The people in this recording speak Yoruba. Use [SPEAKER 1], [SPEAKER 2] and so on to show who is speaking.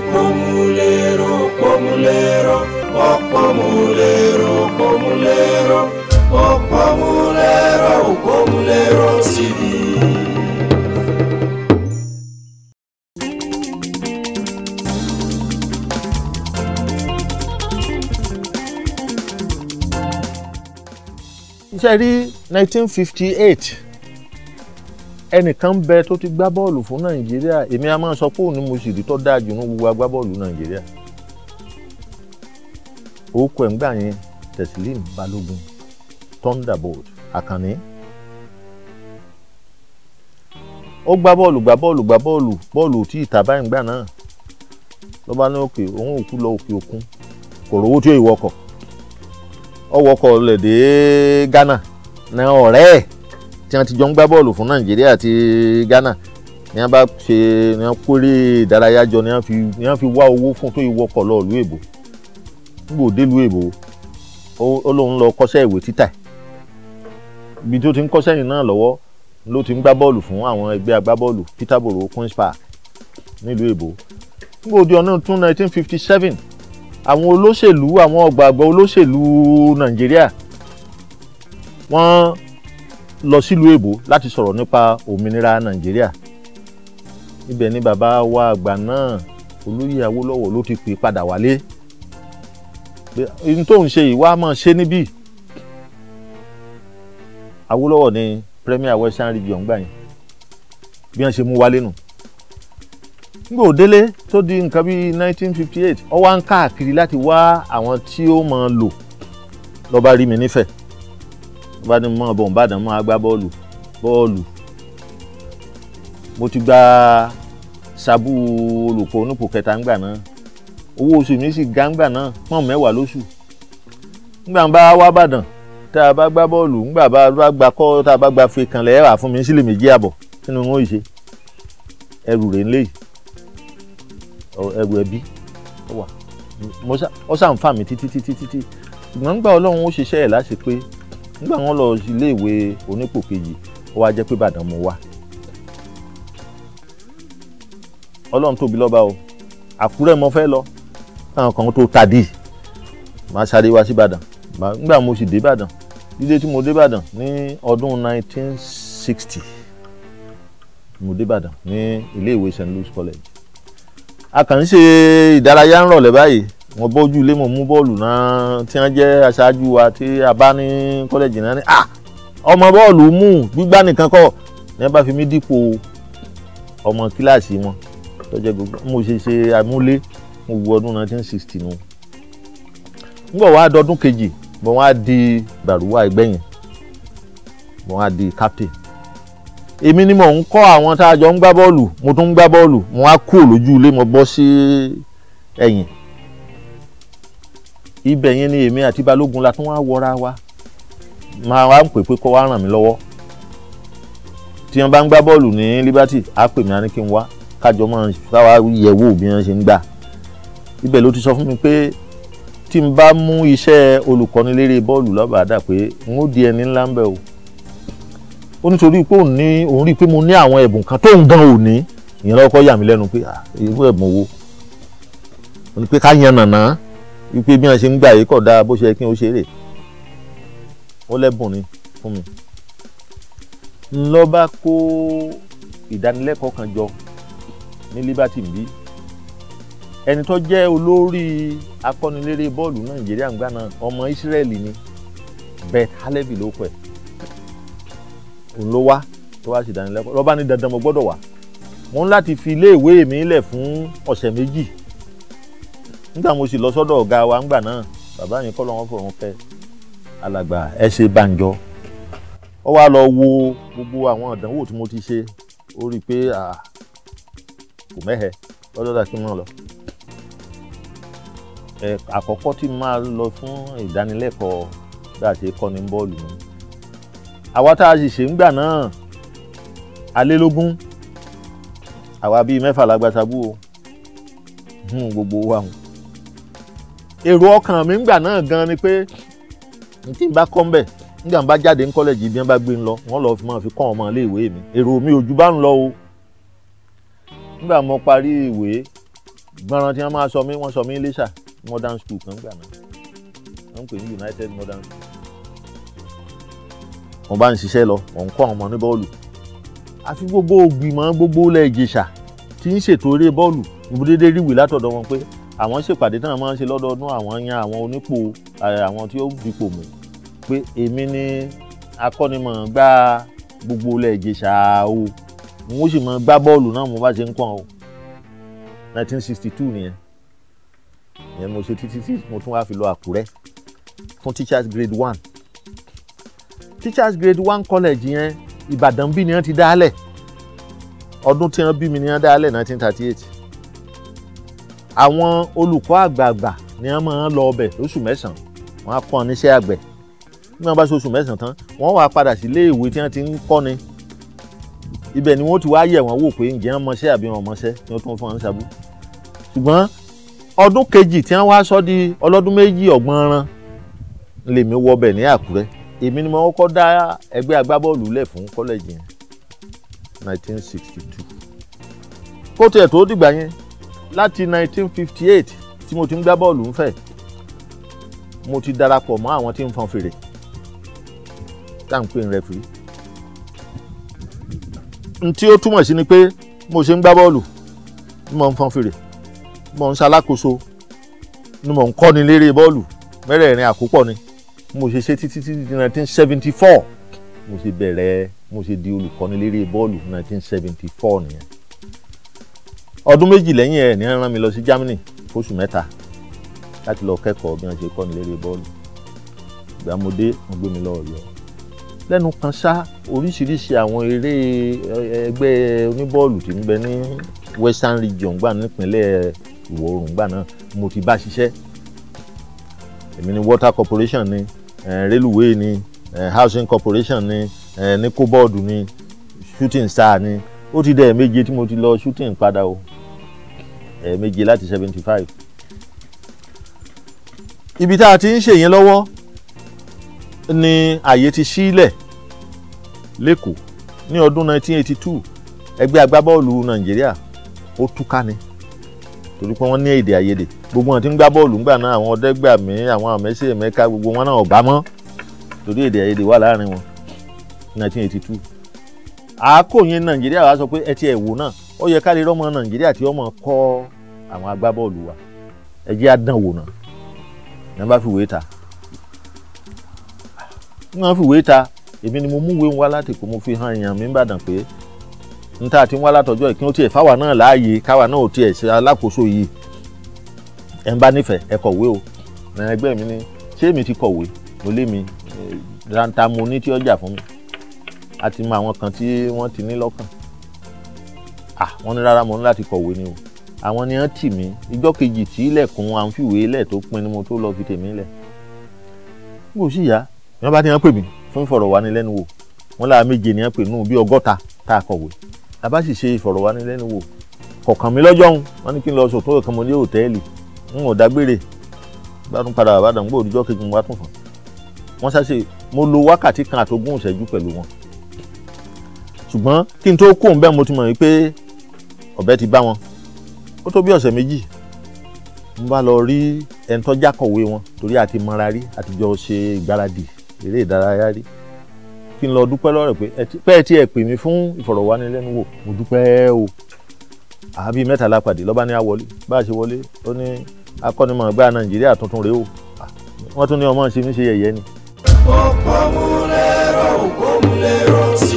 [SPEAKER 1] pomulero, pomulero, oh pomulero, pomulero, oh pomulero, pomulero TV. ṣe rí nineteen fifty eight ẹnìkan bẹ tó ti gbá bọ́ọ̀lù fún nàìjíríà èmi a máa sọ pé òun ni mo sì rí tó dáa jù ní gbogbo agbábọ́ọ̀lù nàìjíríà orúkọ ẹ̀ ń gbà yẹn Teslim Balogun Thunderbolt Àkànní ó gbá bọ́ọ̀lù gbá bọ́ọ̀lù gbá bọ́ọ̀lù bọ́ọ̀lù tí ìta báyìí ń gbà náà ló bá ní òkè òun òkú lọ òkè òkun kò rówó tí ó lẹ̀ dé Ghana náà tí wọ́n ti jọ ń gbá bọ́ọ̀lù fún nàìjíríà àti ghana ni wọ́n bá ṣe ni wọ́n kórè ìdárayá jọ ni wọ́n fi wá owó fún tó ìwọ kọ̀ lọ́ọ̀lù èbó nígbò délù èbó ó lóun lọ kọ́ṣẹ́ ìwé títà ibi tó ti ń kọ́ṣẹ́ yìí náà lọ́wọ́ ló ti ń gbá bọ́ọ̀lù fún àwọn ẹgbẹ́ agbábọ́ọ̀lù Peterborough Queen's Park nílùú èbó nígbà òdi ọdún tún nineteen fifty seven àwọn olóṣèlú àwọn ọ̀gbàgbọ́ olóṣèlú nàìjíríà wọ́n lọ sílùú èbó láti sọ̀rọ̀ nípa òmìnira nàìjíríà ibẹ̀ ni bàbá wa àgbà náà olóyè awólọ́wọ̀ ló ti pè padà wálé n tó ń ṣe ìwà máa ṣe níbí awólọ́wọ̀ ni premier western region gbà yẹn bí wọ́n ṣe mú wálé nù nígbà òdélé tó di nǹkan bíi 1958 ó wá ń káàkiri láti wá àwọn tí ó máa lò lọ́ba rí mi nífẹ̀ẹ́ bá ní mọ́ bọ̀ nìbàdàn mọ́ agbá bọ́ọ̀lù bọ́ọ̀lù mo ti gba sabu olùkọ́ onípò kẹta ńgbà náà owó oṣù mi sì ga ńgbà náà pọ́n mẹ́wàá lóṣù ńgbà ń bá wá bàdàn tá a bá gbá bọ́ọ̀lù ńgbà bá a gba kọ́ tá a bá gba fe kan lẹ́yìn wà fún mi sílẹ̀ méjì àbọ̀ kí ni wọ́n ṣe ẹrù rẹ̀ ń lé yìí ẹrù ẹbí ó wà ó sàǹfà mi títí títí títí ìgbọ̀ngbà ọlọ́run ó ṣiṣẹ́ ẹ̀ láṣepé nígbà wọn lọ iléèwé onípò kejì ó wá jẹ́ pé Ìbàdàn mo wá Ọlọ́run tóbi lọ́ba o Àkúrẹ́ mo fẹ́ lọ táwọn kan tó tadì máa sáré wá sí Ìbàdàn nígbà mo sì dé Ìbàdàn dídé tí mo dé Ìbàdàn ní ọdún 1960 mo dé Ìbàdàn ní iléèwé St Louis College a kàn ń ṣe ìdárayá ń rọ̀lẹ́ báyìí mo bójú ilé mo mú bọ́ọ̀lù náà tí wọ́n jẹ́ aṣáájú wa tí a bá ní kọ́lẹ́jì náà ní à ah! ọmọ bọ́ọ̀lù mú gbígbá nìkan kọ́ ní wọ́n bá fi mí dípò ọmọ kíláàsì wọn tó jẹ́ gbogbo mo ṣe ṣe àmúlé mo wù ọdún 1960 nù. ngbọ̀ wá dọdún kejì mo wá di gbàrúwà ẹgbẹ́ yẹn mo wá di captain èmi ni mò ń kọ́ àwọn tá a jọ ń gbá bọ́ọ̀lù mo tún ń gbá bọ́ọ̀lù mo wá kúrò lójú ilé mo bọ́ sí ẹ̀yìn ibẹ̀ yẹn ni èmi àti balógun la tún wá wọra wa máa wá ń pè pé kó wá ràn mí lọ́wọ́ tí wọ́n bá ń gbá bọ́ọ̀lù ní Liberty á pè mí á ní kí n wá kájọ máa sáwá yẹ̀ wò bí wọ́n ṣe ń gbà ibẹ̀ ló ti sọ fún mi pé tí n bá mú iṣẹ́ olùkọ́ni lérè bọ́ọ̀lù lọ́bàá dà pé n ó di ẹni ńlá ń bẹ̀ o ó nítorí pé òun ní òun rí i pé mo ní àwọn ẹ̀bùn kan tóun gan ò ní ìyẹn lọ́kọ́ yà mí lẹ́nu pé irú ẹ̀bùn wo ó ní pé ká yan nàná wípé bí wọ́n ṣe ń gbà yìí kọ̀ dáa bó ṣe yẹ kí n ó ṣeré ó lẹ́bùn ni fún mi ńlọ bá kó ìdánilẹ́kọ̀ọ́ kan jọ ní Liberty bí ẹni tó jẹ́ olórí akọ́niléré bọ́ọ̀lù Nàìjíríà ńgbà náà ọmọ Ísírẹ́lì ni Beth Halevi ló pẹ̀ òun ló wá tó wá ṣèdánilẹ́kọ̀ọ́ lọ́ba ní dandan mo gbọ́dọ̀ wá mo ń láti fi iléèwé mi lẹ̀ fún ọ̀sẹ̀ méjì nígbà mo sì lọ sọ́dọ̀ ọ̀gá wa ńgbà náà bàbá yẹn kọ́ lọ́wọ́ fọ̀rọ̀ kẹ́ alàgbà ẹ ṣe banjọ ó wá lọ wo gbogbo àwọn ìdánwò tí mo ti ṣe ó rí i pé kò mẹ́hẹ lọ́jọ́ dà kí n náà lọ àkọ́kọ́ tí máa lọ fún ìdánilẹ́kọ̀ọ́ bí a ṣe kọ́ni bọ́ọ̀lù mi àwa tá a sì ṣe ń gbà náà alélógún àwa bíi mẹ́fà lágbàtàbú o gbogbo wa hùn èrò ọkàn mi ngbà náà gan ni pé n tí n bá kọ́ mbẹ̀ nígbà bá jáde ní kọ́lẹ́jì bí wọ́n bá gbé ń lọ wọ́n lọ́ọ́ fi máa fi kọ́ ọmọ ilé ìwé mi èrò mi ò ju bá ń lọ o nígbà mo parí ìwé gbọ́nràn tí wọ́n máa sọ mí wọ́n sọ mí lẹ́ṣà modern school kan gbà náà wọ́n ń pè ní United Modern School mo bá ń ṣiṣẹ́ lọ mo ń kọ́ àwọn ọmọ ní bọ́ọ̀lù àfi gbogbo ògbìmọ̀ gbogbo ilẹ̀ Ìjẹ̀ṣà tí ń ṣètò eré bọ́ọ̀lù ìbúdédé ríwì látọ̀dọ̀ wọn pé àwọn ṣèpàdé náà máa ń ṣe lọ́dọọdún àwọn yan àwọn onípò àwọn tí ó dipò mú pé èmi ni akọ́nimọ̀ gba gbogbo ilẹ̀ Ìjẹ̀ṣà o mo sì mọ gbá bọ́ọ̀lù náà mo bá ṣe ń kàn o nineteen sixty two nìyẹn ìyẹn mo ṣe títí tí mo tún wá fi lọ Àkúrẹ́ fún teachers grade one teachers grade one college yẹn Ìbàdàn bí ni wọ́n ti dálẹ̀ ọdún tí wọ́n bí mi ni wọ́n dálẹ̀ nineteen thirty eight àwọn olùkọ́ àgbààgbà ni wọ́n máa ń lọ ọbẹ̀ lóṣù mẹ́sàn-án wọ́n á kọ́ ọ níṣẹ́ àgbẹ̀ bí bá ṣe oṣù mẹ́sàn-án tán wọ́n wá padà sí ilé ìwé tí wọ́n ti ń kọ́ni ibẹ̀ ni wọ́n ti wá yẹ̀ wọ́n wò pé ǹjẹ́ wọ́n mọṣẹ́ àbí wọ́n mọṣẹ́ ni wọ́n tún fún wọn ṣàbù ṣùgbọ́n ọdún kejì tí wọ́n wá sọ di ọlọ́dún méjì ọ̀gbọ́nran lèmi wọbẹ̀ ní Àkúrẹ́ èmi ni mo kọ́kọ́ dá ẹgbẹ́ agbábọ́ọ̀lù lẹ̀ fún kọ́lẹ́jì yẹn 1962 kó tiẹ̀ tó dìgbà yẹn láti 1958 tí mo ti ń gbá bọ́ọ̀lù ń fẹ̀ mo ti darapọ̀ mọ́ àwọn tí ń fọn fèrè tá à ń pè ń rẹfìrí n tí ó túmọ̀ sí ni pé mo ṣe ń gbá bọ́ọ̀lù ni mo ń fọn fèrè mo ń ṣalákòóso ni mo ń kọ́ni léré bọ́ọ̀lù mẹ́rẹ̀ẹ̀rin àkópọ̀ ni mo ṣe ṣe títí títí di 1974 mo ṣe bẹ̀rẹ̀ mo ṣe di olùkọ́ni léré bọ́ọ̀lù 1974 nìyẹn ọdún méjì lẹ́yìn ẹ̀ ní rán mi lọ sí Germany fóṣù mẹ́ta láti lọ kẹ́kọ̀ọ́ bí wọ́n ṣe kọ́ ní lérè bọ́ọ̀lù ìgbà mo dé wọ́n gbé mi lọ Ọ̀yọ́ lẹ́nu kan ṣá oríṣiríṣi àwọn eré ẹgbẹ́ oníbọ́ọ̀lù tí ń bẹ ní Western Region gbà nípínlẹ̀ ìwọ̀ oòrùn gbà náà mo ti bá ṣiṣẹ́ èmi ni Water Corporation ni railway ni Housing Corporation ni ní kóbọ́ọ̀dù ni Shooting Star ni ó ti dẹ̀ méje tí mo ti lọ shooting padà o ẹ̀ẹ̀mejì eh, láti seventy five. ibi tá a ti ń ṣe yẹn lọ́wọ́ ni àyè ti sílẹ̀ lẹ́kọ̀ọ́ ní ọdún nineteen eighty two ẹgbẹ́ agbábọ́ọ̀lù nàìjíríà ó túká ni torí pé wọ́n ní èdè àìyedè gbogbo wọn ti ń gbá bọ́ọ̀lù ńgbà náà àwọn ọ̀dẹ́gbàmí àwọn àmẹ́sì ẹ̀mẹ́ka gbogbo wọn náà ọ̀bá mọ́ torí èdè àìyedè wà láàrin wọn nineteen eighty two àákò yẹn nàìjíríà wá sọ pé ẹ ti ẹ̀ wò náà ó yẹ ká lè rọ́mọ nàìjíríà tí ọmọ kọ́ àwọn agbábọ́ọ̀lù wa ẹ jẹ́ àdánwò náà ní wọ́n bá fi wèé ta ní wọ́n fi wèé ta èmi ni mo mú wéhùn wá láti kó mo fi hàn èèyàn mi ń bàdàn pé n ta ti ń wá látọjọ́ ìkíni ó tiẹ̀ fáwa náà láàyè káwa náà ò tiẹ̀ ṣe alákòóso yìí ẹ̀ ń bá nífẹ̀ẹ́ ẹ kọ̀wé o ẹgbẹ́ mi ni ṣé èmi ti kọ̀wé mo lé mi eh, rántá mo ní tí ọjà fún mi àti mọ àwọn kan tí wọ́n ti ní lọ́kàn wọ́n ní rárá mo ní láti kọ̀wé ni o àwọn ni wọ́n tì mí ìjọ́ kejì tí ilẹ̀kùn àǹfìwé ilẹ̀ tó pin ni mo tó lọ fi tèmi lẹ̀ n kò sí ìyá wọ́n bá ní wọ́n pè mí fún ìfọ̀rọ̀wánilẹ́nuwò wọ́n lára méje ni wọ́n pè nù bí ọgọ́ta tá a kọ̀wé a bá sì ṣe ìfọ̀rọ̀wánilẹ́nuwò kọ̀ọ̀kan mi lọ́jọ́ òun wọ́n ní kí n lọ sọ tó kọ̀ọ̀kan mo ní òtẹ́ẹ̀lì n ò dágbére bá tún padà mo wá tún fún wọn ṣáṣe mo lo wákàtí kan àtogún ìṣẹ́jú pẹ̀lú ọ̀bẹ ti bá wọn ó tó bí ọ̀sẹ̀ méjì mo bá lọ rí ẹni tó jákọ̀wé wọn torí àti mọ́ra rí àti jọ ṣe ìgbáradì eré ìdárayá rí kí n lọ dúpẹ́ lọ́rẹ̀ pé pẹ́ẹ́ tí ẹ pè mí fún ìfọ̀rọ̀wánilẹ́nuwò mo dúpẹ́ o àbí mẹ́ta la pàdé lọ́ba ní àwọlé bá a ṣe wọlé ó ní akọ́nimọ̀ọ́gbá nàìjíríà tuntun rèé o wọ́n tún ní ọmọ ṣe mí ṣe yẹ̀yẹ́ ni. ọ̀pọ̀ mú lẹ́rọ̀ òkú mú lẹ́rọ̀